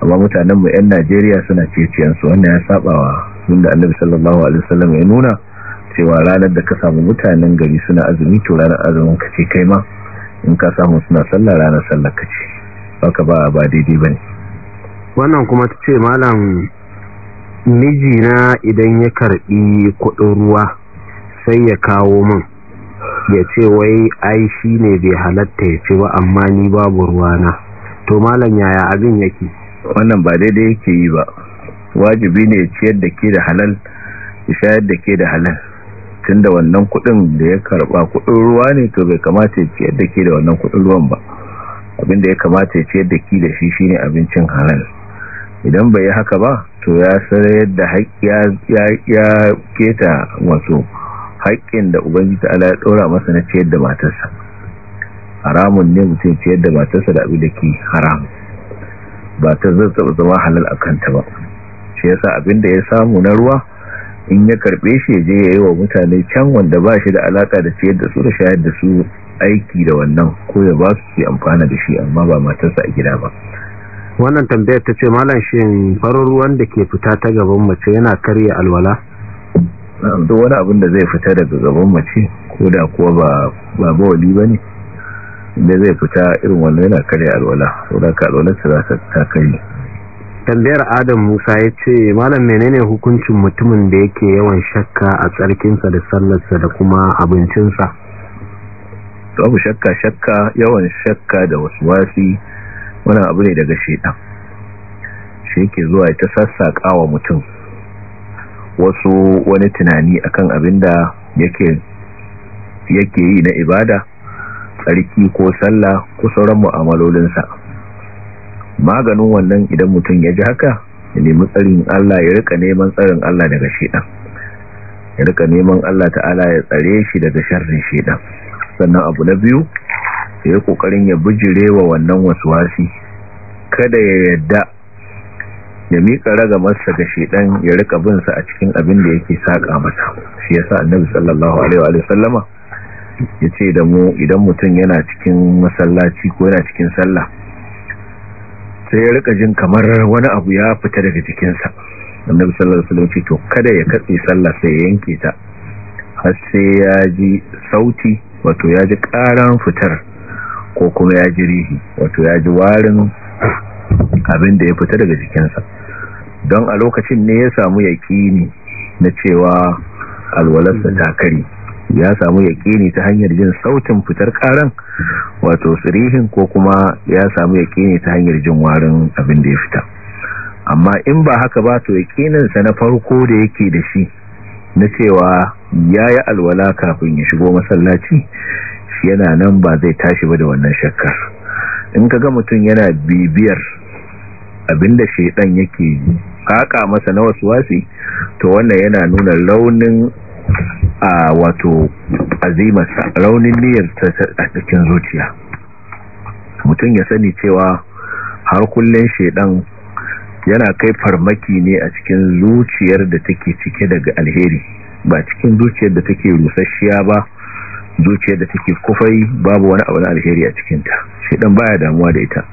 A: amma mutanen mu yan Najeriya suna ciyeciyan su wannan ya sabawa inda Annabi sallallahu alaihi wasallam ya nuna cewa ranar da ka samu mutanen gari suna azumi to ranar azumin ka ce kai ma in ka samu suna sallah ranar sallar ka ce baka ba ba daidai bane
B: wannan kuma ta ce malam mijina idan ya karbi kudin ruwa sai ya kawo min ya ce wai ai shi ne bai halatta ya ce ba amma ni babu ruwa na to malam yaya abin yake wannan ba daidai yake yi ba wajibi ne ciyar da ke da halal ya shayar da
A: ke da halal tun da wannan kudin da ya karba kudin ruwa ne to bai kamata ya ciyar da ke da wannan kudin ruwan ba abinda ya kamata ya ciyar da ke da shi shine abincin halal idan bai yi haka ba to ya sarayar da ya keta wasu haƙƙin da ubangiji ala ya ɗora masa na ciyar da matarsa haramun ne mutum ciyar da matarsa da abin da ke haramun ba ta zazzaba zama halal a kanta ba shi yasa da ya samu na ruwa in ya karbe shi je ya yi wa mutane can wanda ba shi da alaka da ciyar da su da shayar da su aiki da wannan ko ya ba su amfana da shi amma ba matarsa a gida ba
B: wannan tambayar ta ce malam shi farar ruwan da ke fita ta gaban mace yana karya alwala duk wani abin da zai fita daga gaban mace ko da kuwa ba ba wali ne
A: da zai fita irin wannan yana kare alwala saboda ka ta za ta kai
B: tambayar adam musa ya ce malam menene hukuncin mutumin da yake yawan shakka a tsarkinsa da sallarsa da kuma abincinsa babu shakka
A: shakka yawan shakka da wasu wasi wani abu ne daga shaidan shi yake zuwa ta sassaƙa wa mutum wasu wani tunani akan abin da yake yi na ibada tsarki ko sallah ko sauran mu'amalolinsa maganin wannan idan mutum ya ji haka ya nemi tsarin Allah ya rika neman tsarin Allah daga shedan ya rika neman Allah ta'ala ya tsare shi daga sharrin shedan sannan abu na biyu ya kokarin ya wa wannan waswasi kada ya yadda ya miƙa raga ragamarsa ga shedan ya rika bin sa a cikin abin da yake saka masa shi yasa annabi sallallahu alaihi wa sallama ya ce da mu idan mutum yana cikin masallaci ko yana cikin sallah sai ya rika jin kamar wani abu ya fita daga jikinsa annabi sallallahu ce to kada ya katse sallah sai ya yanke ta har sai ya ji sauti wato ya ji karan fitar ko kuma ya ji rihi wato ya ji warin abin da ya fita daga jikinsa don a lokacin ne ya samu yaƙini na cewa alwalarsa ta kari ya samu yaƙini ta hanyar jin sautin fitar karan wato sirihin ko kuma ya samu yaƙini ta hanyar jin warin abin da ya fita amma in ba haka ba to yaƙininsa na farko da yake da shi na cewa ya yi alwala kafin ya shigo masallaci yana nan ba zai tashi ba da wannan shakkar in ka ga mutum yana bibiyar abin abinda shaidan yake kaka masa na wasu wasi to wannan yana nuna launin a wato azimarsa raunin ta a cikin zuciya mutum ya sani cewa har kullum shaidan yana kai farmaki ne a cikin zuciyar da take cike daga alheri ba cikin zuciyar da take rusasshiya ba zuciyar da take kufai babu wani abu na alheri a cikinta Shaidan baya damuwa da ita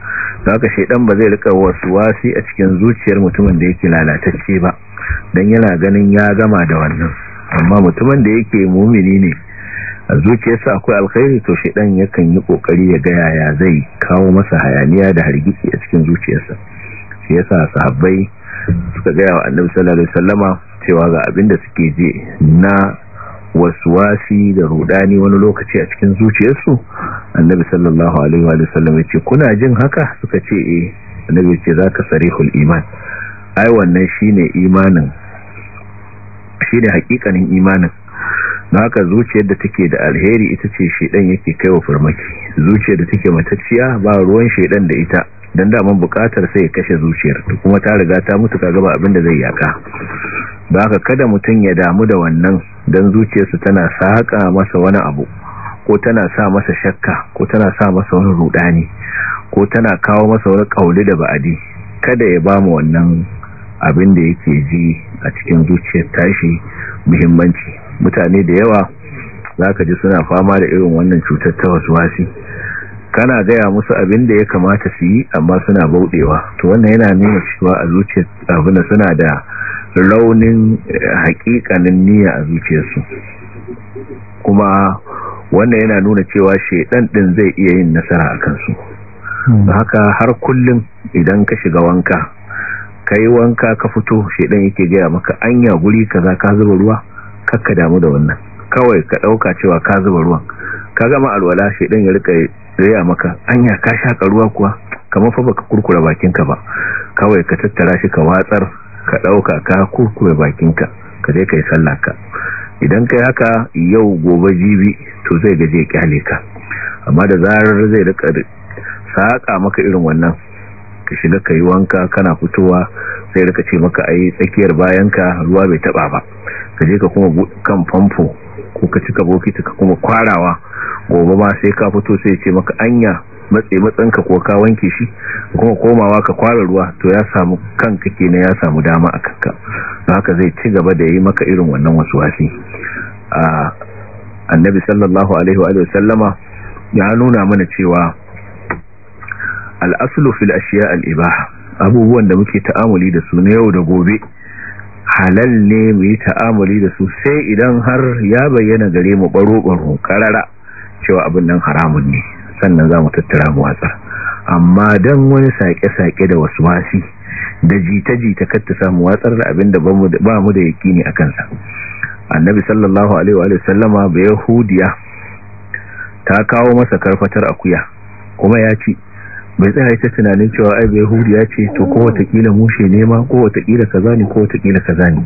A: da haka shaidan ba zai rika wasu wasi a cikin zuciyar mutumin da yake lalatacce ba don yana ganin ya gama da wannan amma mutumin da yake mumini ne a zuciyarsa akwai alkhairi to shedan yakan yi kokari ya ga yaya zai kawo masa hayaniya da hargitsi a cikin zuciyarsa shi yasa sahabbai suka ga wa annabi sallallahu alaihi wasallama cewa ga abin da suke je na waswasi da rudani wani lokaci a cikin zuciyarsu annabi sallallahu alaihi wa sallam ya ce kuna jin haka suka ce eh annabi ya ce zaka sarihul iman ai wannan shine imanin Shi ne hakikanin imanin na haka zuciyar da take da alheri ita ce shedan yake kai wa farmaki zuciyar da take matacciya ba ruwan shedan da ita dan daman bukatar sai ya kashe zuciyar kuma ta riga ta mutu kaga ba abin da zai yaka Ba haka kada mutum ya damu da wannan dan zuciyarsa tana saka masa wani abu ko tana sa masa shakka ko tana sa masa wani rudani ko tana kawo masa wani kauli da ba'adi kada ya ba mu wannan abin da yake ji a cikin zuciyar tashi muhimmanci mutane da yawa zaka ji suna fama da irin wannan cutar ta waswasi kana gaya musu abin da ya kamata su yi amma suna bauɗewa to wannan yana nuna cewa a zuciyar abin da suna da raunin eh, hakikanin niyya a zuciyarsu kuma wannan yana nuna cewa shedan din zai iya yin nasara a kansu hmm. haka har kullum idan ka shiga wanka kai wanka ka fito shedan yake gaya maka anya guri kaza ka zuba ruwa kakka damu da wannan kawai ka dauka cewa ka zuba ruwan ka gama alwala shedan ya rika gaya maka anya ka shaka ruwa kuwa kamar fa baka kurkura bakinka ba kawai ka tattara shi ka watsar ka dauka ka kurkure bakin ka je kai sallah ka idan kai haka yau gobe jibi to zai gaje kyale ka amma da zarar zai rika saƙa maka irin wannan ka shiga ka yi wanka kana fitowa sai rika ce maka yi tsakiyar bayanka ruwa bai taba ba ka je ka kuma kan famfo ko ka cika bokiti ka kuma kwarawa gobe ma sai ka fito sai ce maka anya matse matsanka ko ka wanke shi kuma komawa ka kwara ruwa to ya samu kanka na ya samu dama a kanka haka zai ci gaba da yi maka irin wannan wasuwasi a ah, annabi sallallahu alaihi wa sallama ya nuna mana cewa al’asulu fil ashiya al'ibaha abubuwan da muke ta'amuli da su na yau da gobe halal ne mu yi ta'amuli da su sai idan har ya bayyana gare mu baro-baro karara cewa abin nan haramun ne sannan za mu tattara mu watsa amma don wani sake-sake da wasu wasi da jita-jita katta samu watsar da abin da ba mu da ne a kansa annabi sallallahu alaihi wa sallama bai hudiya ta kawo masa karfatar akuya kuma ya ci bai tsaye ta tunanin cewa ai bai ya ce to ko watakila mushe ne ma ko watakila kaza ne ko watakila kaza ne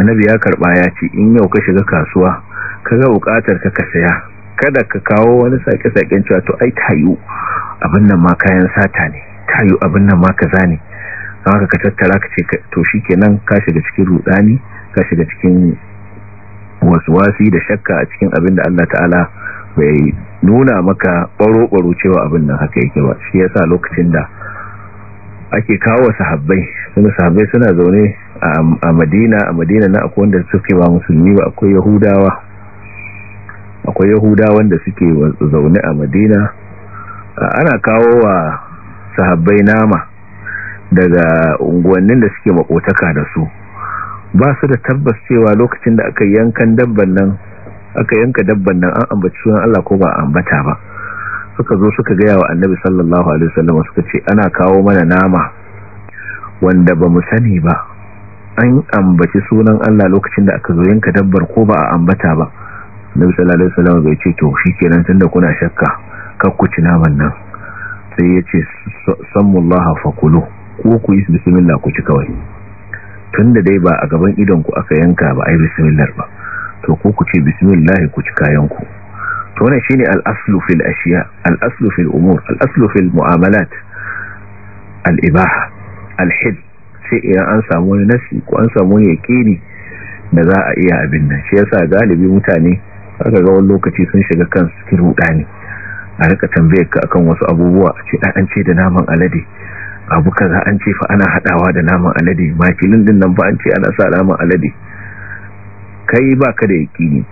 A: annabi ya karba ya ce in yau ka shiga kasuwa ka ga bukatar ka ka saya kada ka kawo wani sake saken cewa to ai tayu abin nan ma kayan sata ne tayu abin nan ma kaza ne haka ka tattara ka ce to shikenan ka shiga cikin rudani ka shiga cikin waswasi da shakka a cikin abin da Allah ta'ala bai nuna maka baro-baro cewa abin nan haka yake ba shi yasa lokacin da ake kawo sahabbai suna sahabbai suna zaune a madina a madina na akwai wanda suke ba musulmi ba akwai yahudawa akwai yahudawa wanda suke zaune a madina ana kawo wa sahabbai nama daga unguwannin da suke makotaka da su ba su da tabbas cewa lokacin da aka yankan dabban nan aka yanka dabban nan an ambaci sunan Allah ko ba ambata ba suka zo suka gaya wa annabi sallallahu alaihi wasallam suka ce ana kawo mana nama wanda ba mu sani ba an ambaci sunan Allah lokacin da aka zo yanka dabbar ko ba a ambata ba annabi sallallahu alaihi wasallam bai ce to shikenan tunda kuna shakka kar ku ci naman nan sai ya ce fa fakulu ko ku yi bismillah ku ci kawai tunda dai ba a gaban idon ku aka yanka ba ai bismillah ba to ko ku ce bismillah ku ci kayan ku to wannan shine al-aslu fil ashiya al-aslu fil umur al-aslu fil mu'amalat al-ibaha al hid sai idan an samu wani nasi ko an samu wani yakini da za a iya abin nan shi yasa galibi mutane aka ga wani lokaci sun shiga kan cikin rudani a rika tambayar ka akan wasu abubuwa a ce an ce da naman alade abu kaza an ce fa ana hadawa da naman alade makilin din nan ba an ce ana sa naman alade kai ba ka da yakini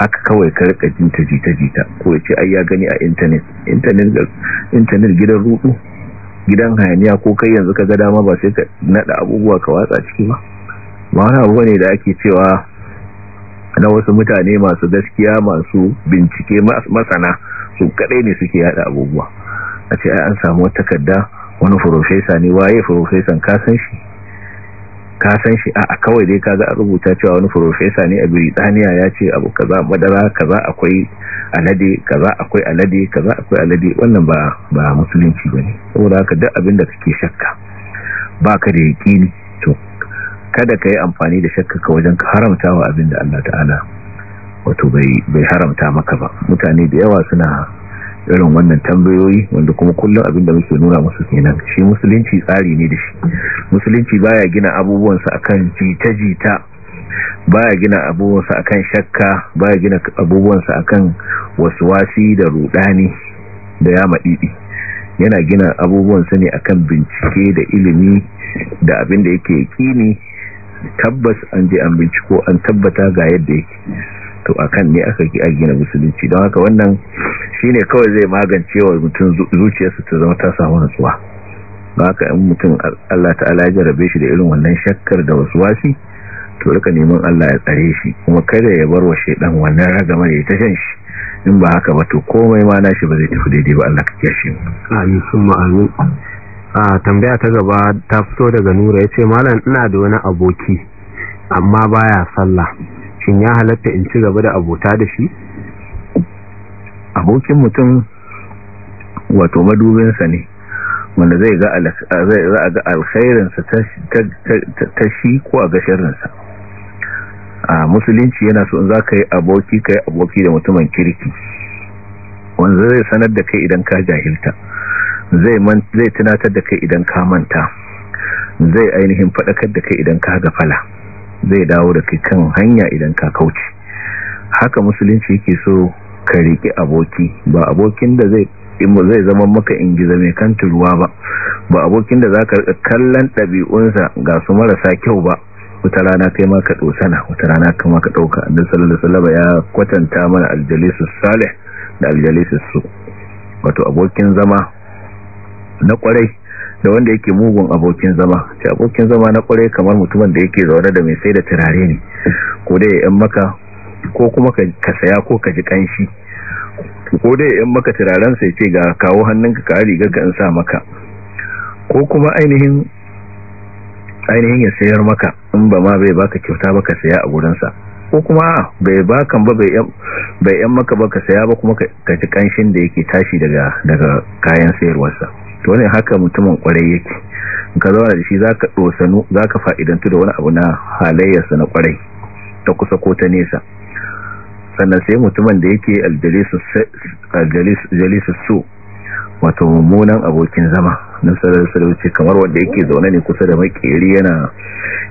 A: haka kawai ka rika jin jita jita ko ya ce ai ya gani a intanet intanet gidan rudu gidan hayaniya ko kai yanzu ka ga dama ba sai ka nada abubuwa ka watsa ciki ba ba wani abu ne da ake cewa na wasu mutane masu gaskiya masu bincike masana su kadai ne suke yada abubuwa a ce ai an samu wata takarda wani furofesa ne waye furofesan ka san shi ka san shi a kawai dai kaga an rubuta cewa wani profesa ne a Birtaniya ya ce abu kaza madara kaza akwai alade kaza akwai alade kaza akwai alade wannan ba ba musulunci bane saboda haka duk abin da kake shakka baka da yaqini to kada ka yi amfani da shakka ka wajen haramtawa abin da Allah ta'ala wato bai haramta maka ba mutane da yawa suna irin wannan tambayoyi wanda kuma kullum abinda muke nuna musu kenan shi musulunci tsari ne da shi musulunci baya gina abubuwansa akan jita-jita baya gina abubuwansa akan shakka baya gina abubuwansa akan wasi da rudani da ya didi yana gina abubuwansa ne akan bincike da ilimi da abinda yake kini tabbas an je an binciko an tabbata ga yadda yake to akan ne aka ki gina musulunci don haka wannan shine kawai zai magance wa mutum zuciyarsa ta zama ta samu nutsuwa ba haka in mutum Allah ta'ala ya jarabe shi da irin wannan shakkar da wasu wasi to rika neman Allah ya tsare shi kuma kada ya bar wa shedan wannan ragamar ya ta shan shi in ba haka ba to komai ma na shi ba zai tafi daidai ba
B: Allah ka kiyaye amin amin a tambaya ta gaba ta fito daga nura yace malam ina da wani aboki amma baya sallah shin ya halatta in ci gaba da abota da shi abokin mutum
A: wato madubinsa ne wanda zai ga alkhairinsa ta shi ko a gasharinsa a musulunci yana so in za ka yi aboki ka aboki da mutumin kirki wanda zai sanar da kai idan ka jahilta zai tunatar da kai idan ka manta zai ainihin faɗakar da kai idan ka gafala zai dawo da kai kan hanya idan ka kauce haka musulunci yake so ka riƙi aboki ba abokin da zai zai zama maka ingiza mai kan turuwa ba ba abokin da za ka riƙa kallon ɗabi'unsa ga su marasa kyau ba wata rana kai ma ka ɗosana wata rana kama ka ɗauka annabi sallallahu alaihi ya kwatanta mana aljalisus salih da aljalisus su wato abokin zama na kwarai da wanda yake mugun abokin zama ta abokin zama na kwarai kamar mutumin da yake zaune da mai sai da turare ne ko dai yan maka ko kuma ka saya ko ka ji kanshi ko dai yan maka turaren sai ce ga kawo hannunka ka riga ka in sa maka ko kuma ainihin ainihin ya sayar maka in ba ma bai baka kyauta ba ka saya a gurinsa ko kuma bai bakan ba bai yan maka ba ka saya ba kuma ka ji kanshin da yake tashi daga daga kayan sayarwarsa to ne haka mutumin kwarai yake ka zauna da shi zaka dosanu zaka fa'idantu da wani abu na halayyarsa na kwarai ta kusa ko ta nesa sannan sai mutumin da yake aljalisu su wato mummunan abokin zama na sarar sarauci kamar wanda yake zaune ne kusa da makeri yana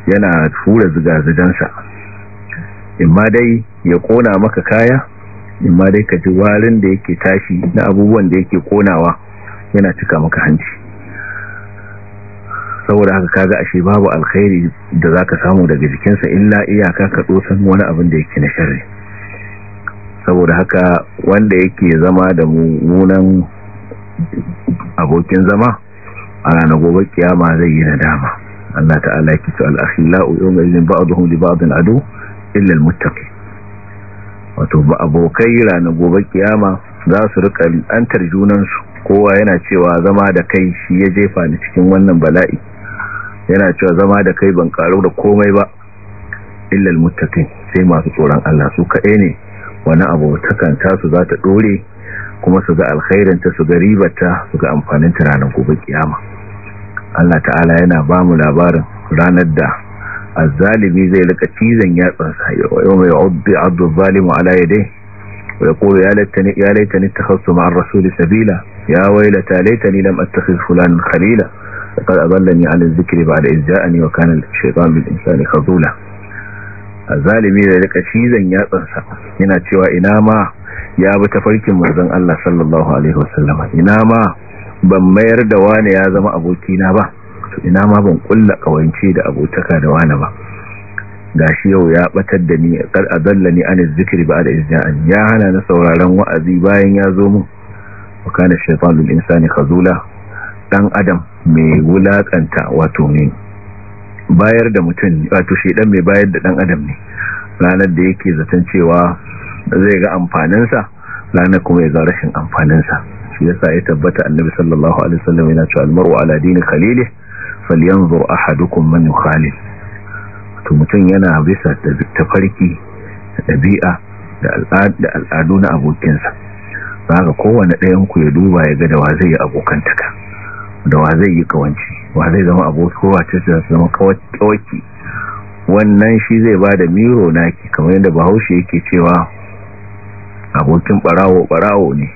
A: yana tura zigazigansa ma dai ya kona maka kaya ma dai ka ji warin da yake tashi na abubuwan da yake konawa yana cika maka hanci saboda haka kaga ashe babu alkhairi da zaka samu daga jikinsa illa iyaka ka dosan wani abin da yake na sharri saboda haka wanda yake zama da mummunan abokin zama a ranar gobe kiyama zai yi nadama Allah ta'ala yake to al-akhila'u yawma ba'dhum li ba'dhin adu illa al muttaqi wato ba abokai ranar gobe kiyama za su riƙa antar junansu kowa yana cewa zama da kai shi ya jefa ni cikin wannan bala'i yana cewa zama da kai ban karo da komai ba illal muttaqin sai masu tsoron Allah su kaɗai ne wani abu takan su za ta dore kuma su ga alkhairin ta su ga ta su ga amfanin ta ranar gobe kiyama Allah ta'ala yana ba mu labarin ranar da azzalimi zai rika cizon yatsansa yau mai ubbi abdu zalimu ala yadai wa yaqulu ya laitani ya laitani takhassu ma'ar rasuli sabila ya wailata laitani lam attakhidh fulanan khalila faqad adallani 'ala dhikri ba'da idh wa kana ash-shaytanu lil insani khazula azalimi da rika cizon yatsansa yana cewa ina ma ya bi tafarkin manzon Allah sallallahu alaihi wasallam ina ma ban mayar da wani ya zama abokina ba ina ma ban kulla kawance da abotaka da wani ba gashi yau ya batar da ni kar adallani an zikiri ba da izja'an ya hana na sauraron wa'azi bayan ya zo mu wa kana shaytanul insani kazula dan adam mai wulakanta wato ne bayar da mutum wato shedan mai bayar da dan adam ne ranar da yake zaton cewa zai ga amfaninsa ranar kuma ya ga rashin amfaninsa shi yasa ya tabbata annabi sallallahu alaihi wasallam yana cewa almar'u ala dini khalilihi falyanzur ahadukum man yukhalil to mutum yana bisa da tafarki da dabi'a da al'adu na abokinsa za ga kowane ɗayan ku ya duba ya ga da wa zai yi abokantaka da wa zai yi kawanci wa zai zama aboki wace ta zama kawaki wannan shi zai ba da miro naki kamar yadda bahaushe yake cewa abokin barawo barawo ne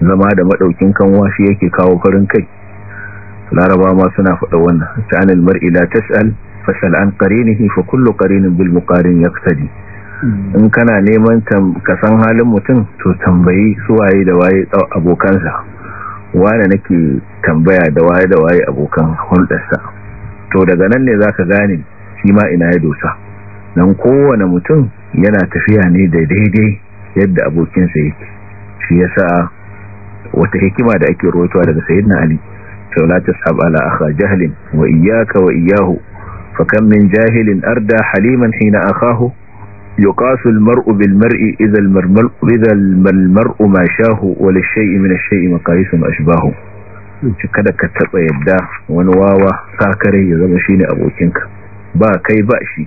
A: zama da maɗaukin kanwa shi yake kawo farin kai laraba ma suna faɗa wannan ta'anil mar'ila tas'al fasal an qarinihi fa kullu qarinin bil muqarin yaqtadi in kana neman ka san halin mutum to tambayi suwaye da waye abokansa wane nake tambaya da waye da waye abokan hulɗarsa to daga nan ne za ka gane shi ma ina ya dosa nan kowane mutum yana tafiya ne da daidai yadda abokinsa yake shi yasa wata hikima da ake rotuwa daga na ali to la tasab ala jahlin wa iyaka wa iyahu fa kan min jahilin arda haliman hina akahu yuqasu al-mar'u bil mar'i idha al-mar'u ma shahu wa lishay'i min kada ka taba yadda wani wawa sakare ya zama shine abokinka ba kai ba shi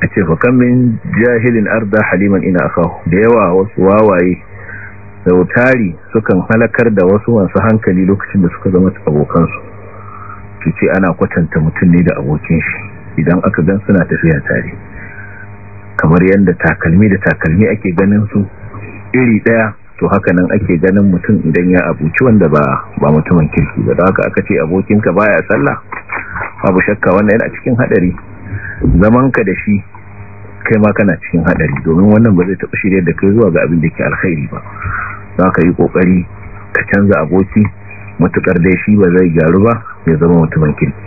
A: a ce fakan min jahilin arda haliman ina akahu da yawa wasu wawaye sautari sukan halakar da wasu masu hankali lokacin da suka zama abokansu su ce ana kwatanta mutum ne da abokin shi idan aka gan suna tafiya tare kamar yadda takalmi da takalmi ake ganin su iri daya to haka nan ake ganin mutum idan ya abuci wanda ba ba mutumin kirki ba haka aka ce abokinka baya sallah babu shakka wannan yana cikin hadari ka da shi kai ma kana cikin hadari domin wannan ba zai taɓa shirye da kai zuwa ga abin da ke alkhairi ba za ka yi kokari ka canza aboki matukar dai shi ba zai gyaru ba ya zama mutumin kirki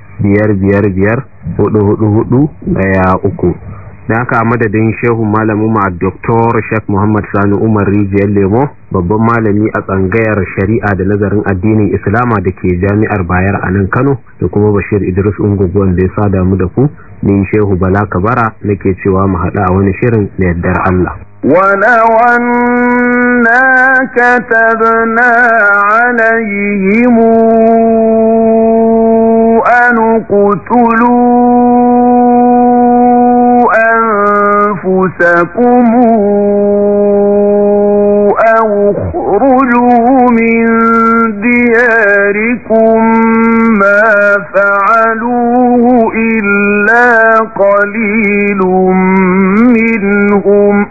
B: biyar biyar biyar hudu hudu hudu uku. da ka madadin shehu malamin ma doktor shek Muhammad Sani Umar Rijiyar Lemo babban malami a tsangayar shari'a da nazarin addinin Islama da ke jami'ar Bayar a nan Kano da kuma Bashir Idris Ungogo da ya sa damu da ku ni shehu Bala Kabara nake cewa mu haɗa wani shirin da yardar Allah
C: ولو أنا كتبنا عليهم آمَنُوا اقْتُلُوا أَنفُسَكُمْ أَوْ اخْرُجُوا مِن دِيَارِكُم مَّا فَعَلُوهُ إِلَّا قَلِيلٌ مِّنْهُمْ ۖ